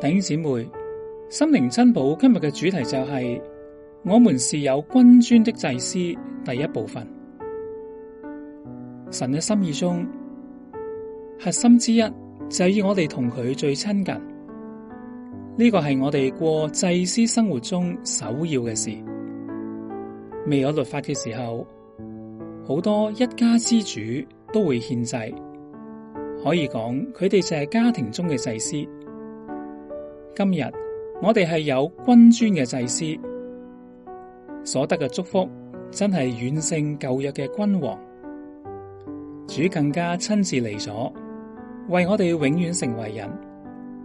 弟兄姊妹，心靈珍寶，今日嘅主題就係、是、我們是有君尊的祭司。第一部分，神嘅心意中核心之一，就係以我哋同佢最親近。呢、這個係我哋過祭司生活中首要嘅事。未有律法嘅時候，好多一家之主都會獻祭，可以講佢哋就係家庭中嘅祭司。今日我哋係有君尊嘅祭司，所得嘅祝福真係遠勝舊約嘅君王。主更加親自嚟咗，為我哋永遠成為人，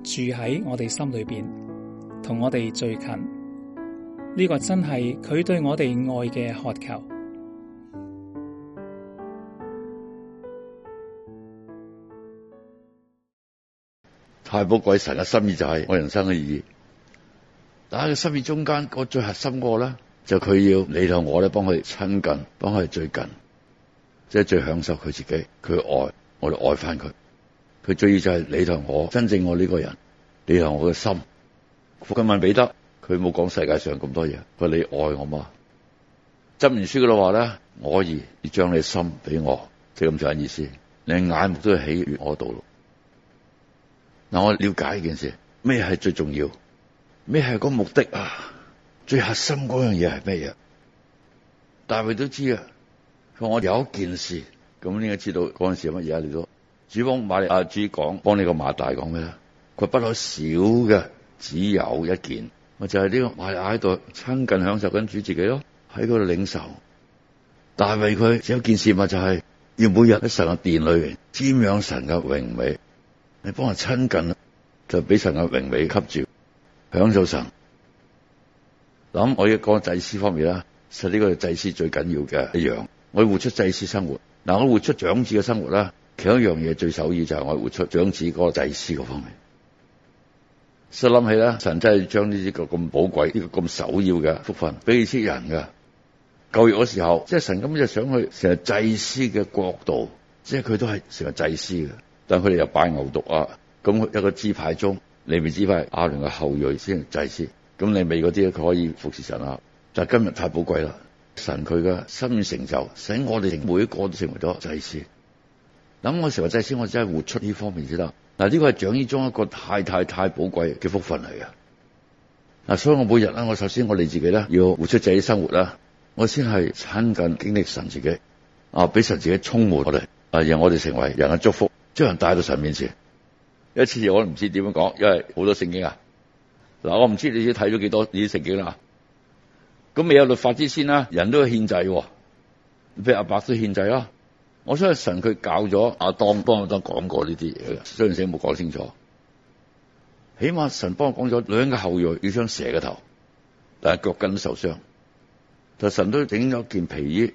住喺我哋心裏邊，同我哋最近。呢、這個真係佢對我哋愛嘅渴求。太保鬼神嘅心意就係我人生嘅意義，但係佢心意中間個最核心個咧，就佢要你同我咧幫佢親近，幫佢最近，即係最享受佢自己，佢愛我哋愛翻佢，佢最意就係你同我真正我呢個人，你同我嘅心。福音問彼得佢冇講世界上咁多嘢，佢話你愛我嗎？箴言書嘅話咧，我兒將你的心俾我，即係咁簡單意思，你眼目都喜悦我度咯。嗱，我了解一件事，咩係最重要？咩係個目的啊？最核心嗰樣嘢係咩嘢？大衛都知啊，佢話我有一件事，咁應該知道嗰件事係乜嘢啊？你都主幫馬利亞主講，幫呢個馬大講嘅，佢不可少嘅只有一件，就係、是、呢個馬利亞喺度親近享受緊主自己咯，喺嗰度領受。大衛佢只有一件事咪就係、是、要每日喺神嘅殿裏邊瞻仰神嘅榮美。你幫我親近，就俾神嘅榮美吸住，享受神。咁我一講祭司方面啦，實呢個祭司最緊要嘅一樣，我要活出祭司生活。嗱，我活出長子嘅生活啦，其他一樣嘢最首要就係我活出長子嗰個祭司嘅方面。所以諗起咧，神真係將呢啲個咁寶貴、呢、呢個咁首要嘅福分俾啲人嘅。舊約嗰時候，即係神咁就想去成為祭司嘅國度，即係佢都係成為祭司嘅。祭祭祭祭祭祭但佢哋又拜牛犢啊！咁一個支派中，你未支派亞倫嘅後裔先祭司。咁你未嗰啲佢可以服侍神啊！就是、今日太寶貴啦！神佢嘅心意成就，使我哋每一個都成為咗祭司。咁我成為祭司，我真係活出呢方面先得。嗱，呢個係長衣中一個太太太寶貴嘅福分嚟嘅嗱。所以我每日咧，我首先我哋自己咧要活出自己生活啦，我先係親近經歷神自己啊，俾神自己充滿我哋啊，讓我哋成為人嘅祝福。將人帶到度神面前，一次我都唔知點樣講，因為好多聖經啊。嗱，我唔知你啲睇咗幾多啲聖經啦。咁未有律法之先啦，人都獻祭，譬如阿伯都獻祭啦。我相信神佢教咗阿當，幫我當講過呢啲嘢嘅，雖然死冇講清楚。起碼神幫我講咗女人嘅後裔要將蛇嘅頭，但係腳筋都受傷。就神都整咗件皮衣。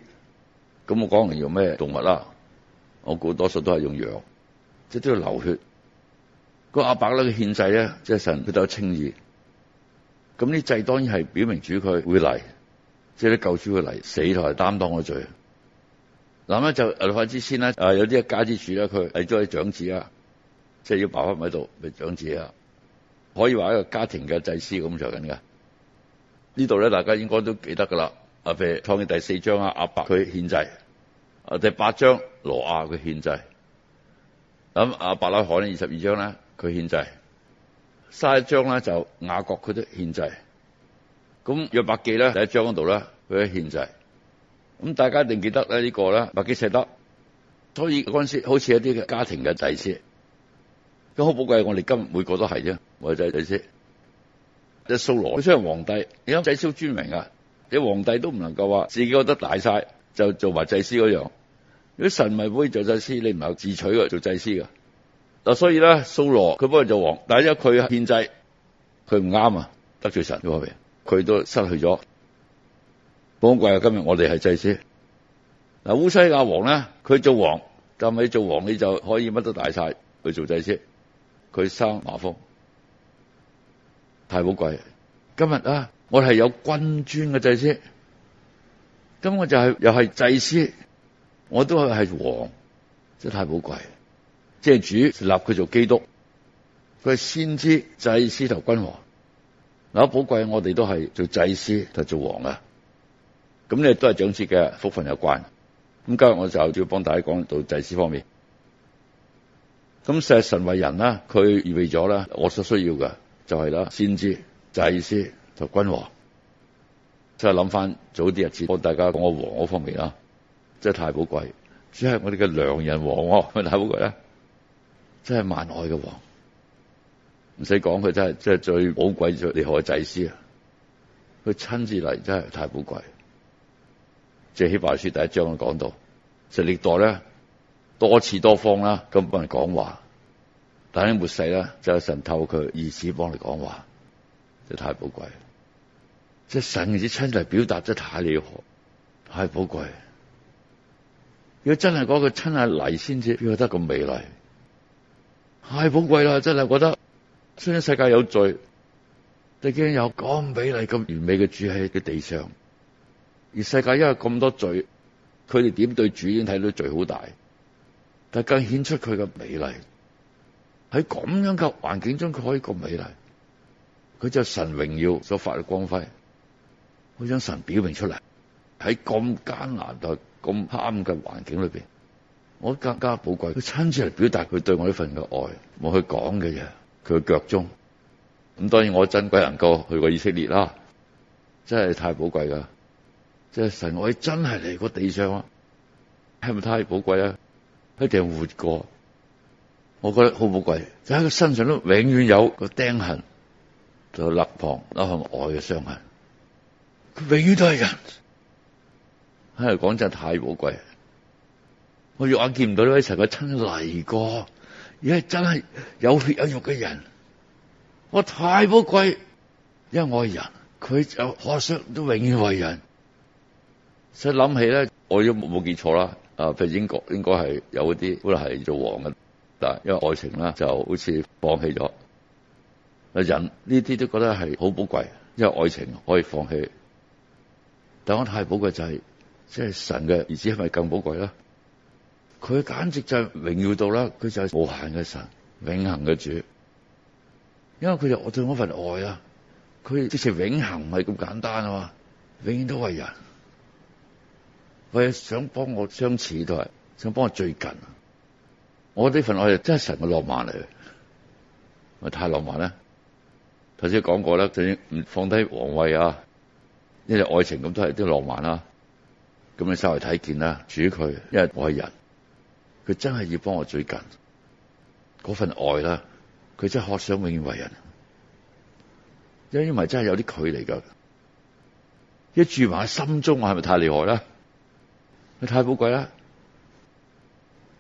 咁我講嚟用咩動物啦？我估多數都係用羊。即都要流血，個阿伯咧個獻祭咧，即、就、係、是、神比都有清稱咁呢祭當然係表明主佢會嚟，即係啲舊主會嚟死同埋擔當嘅罪。嗱咁就我之先啦，啊有啲一家之主咧，佢係做係長子啊，即係要爸翻喺度，咪、就是、長子啊，可以話一個家庭嘅祭司咁就緊噶。呢度咧大家應該都記得噶啦，阿 B 創嘅第四章啊，阿伯佢獻祭，啊第八章羅亞佢獻祭。咁阿伯拉罕咧二十二章咧佢獻祭。卅一章咧就雅各佢都獻祭。咁約伯記咧第一章嗰度咧佢都獻祭。咁大家一定記得咧呢個咧伯記寫得。所以嗰陣時好似一啲嘅家庭嘅祭司，咁好寶貴。我哋今日每個都係啫，為祭祭司，即掃羅。雖然皇帝，你諗祭燒豬明噶，你皇帝都唔能夠話自己覺得大晒就做埋祭司嗰樣。啲神咪可以做祭司，你唔係自取嘅做祭司㗎。嗱、啊，所以咧蘇羅佢幫人做王，但係因為佢獻祭，佢唔啱啊，得罪神，咁佢都失去咗寶貴啊！今日我哋係祭司嗱，烏、啊、西亞王咧，佢做王，但係你做王你就可以乜都大晒，佢做祭司，佢生麻風，太寶貴。今日啊，我係有君尊嘅祭司，咁我就係、是、又係祭司。我都係係王，真係太寶貴。即係主立佢做基督，佢係先知祭司同君王。嗱，寶貴，我哋都係做祭司同做王啊！咁你都係長節嘅，福分有關。咁今日我就要幫大家講到祭司方面。咁石神為人啦，佢預備咗啦，我所需要嘅就係啦，先知祭司同君王。即係諗翻早啲日子，幫大家講個王嗰方面啦。真係太寶貴，只係我哋嘅良人王，太寶貴啦！真係萬愛嘅王，唔使講佢真係，他親自來真係最寶貴，最厲害祭司啊！佢親自嚟，真係太寶貴。借希伯來書第一章講到，神歷代咧多次多方啦，咁幫人講話，但係末世啦，就是、神透佢意思幫人講話，就太寶貴。即係神子親自表達，真係太厲害，太寶貴。佢真係講佢親阿泥先至，覺得咁美麗，太寶貴啦！真係覺得雖然世界有罪，但竟然有咁美麗、咁完美嘅主喺嘅地上，而世界因為咁多罪，佢哋點對主已經睇到罪好大，但更顯出佢嘅美麗。喺咁樣嘅環境中，佢可以咁美麗，佢就神榮耀所發嘅光輝，佢將神表明出嚟。喺咁艱難啊、咁黑暗嘅環境裏邊，我更加寶貴佢親自嚟，表達佢對我呢份嘅愛，冇去講嘅嘢，佢嘅腳中。咁當然我珍貴能夠去過以色列啦，真係太寶貴噶。即係神愛真係嚟過地上啊，係咪太寶貴啊？一定活過，我覺得好寶貴。就喺佢身上都永遠有個釘痕，就肋旁一項愛嘅傷痕，佢永遠都係人。喺度講真太寶貴，我肉眼見唔到呢位神佢親身嚟過，而係真係有血有肉嘅人，我太寶貴，因為愛人佢就學想都永遠為人。所以想諗起咧，我都冇記錯啦，啊，譬如英國應該係有啲，好似係做王嘅，但因為愛情啦，就好似放棄咗。啊，人呢啲都覺得係好寶貴，因為愛情可以放棄，但我太寶貴就係、是。即係神嘅兒子係咪更寶貴咧？佢簡直就係榮耀到啦！佢就係無限嘅神，永恒嘅主。因為佢就我對我份愛啊，佢即係永恒，唔係咁簡單啊嘛！永遠都係人，為想幫我相似都係想幫我最近。我呢份愛就真係神嘅浪漫嚟，咪太浪漫咧？頭先講過啦，仲唔放低皇位啊？因為愛情咁都係啲浪漫啊！咁你稍為睇見啦，主佢，因為我係人，佢真係要幫我最近嗰份愛啦，佢真係渴想永遠為人，因為因為真係有啲距離噶，一住埋喺心中，我係咪太厲害啦？太寶貴啦！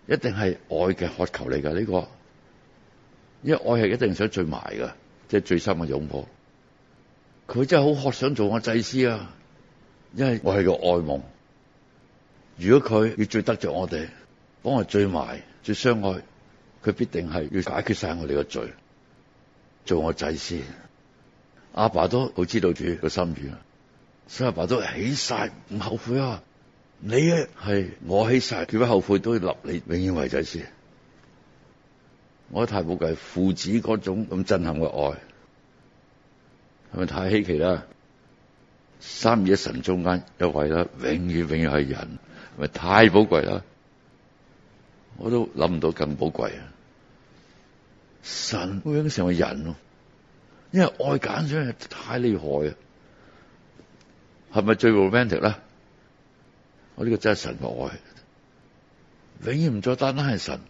一定係愛嘅渴求嚟噶呢個，因為愛係一定想聚埋噶，即係最深嘅擁抱。佢真係好渴想做我祭司啊，因為我係個愛夢。如果佢要最得着我哋，幫我追埋最相愛，佢必定係要解決晒我哋嘅罪，做我祭司。阿爸都好知道自己個心意，所以阿爸都起誓唔後悔啊！你咧係我起誓，佢不後悔，都立你永遠為祭司。我太冇計，父子嗰種咁震撼嘅愛，係咪太稀奇啦？三一神中間有位啦，永遠永遠係人。咪太寶貴了，我都諗唔到更寶貴啊！神會變成個人咯，因為愛揀選係太厲害啊！係咪最 romantic 咧？我呢個真係神嘅愛，永遠唔再單單係神。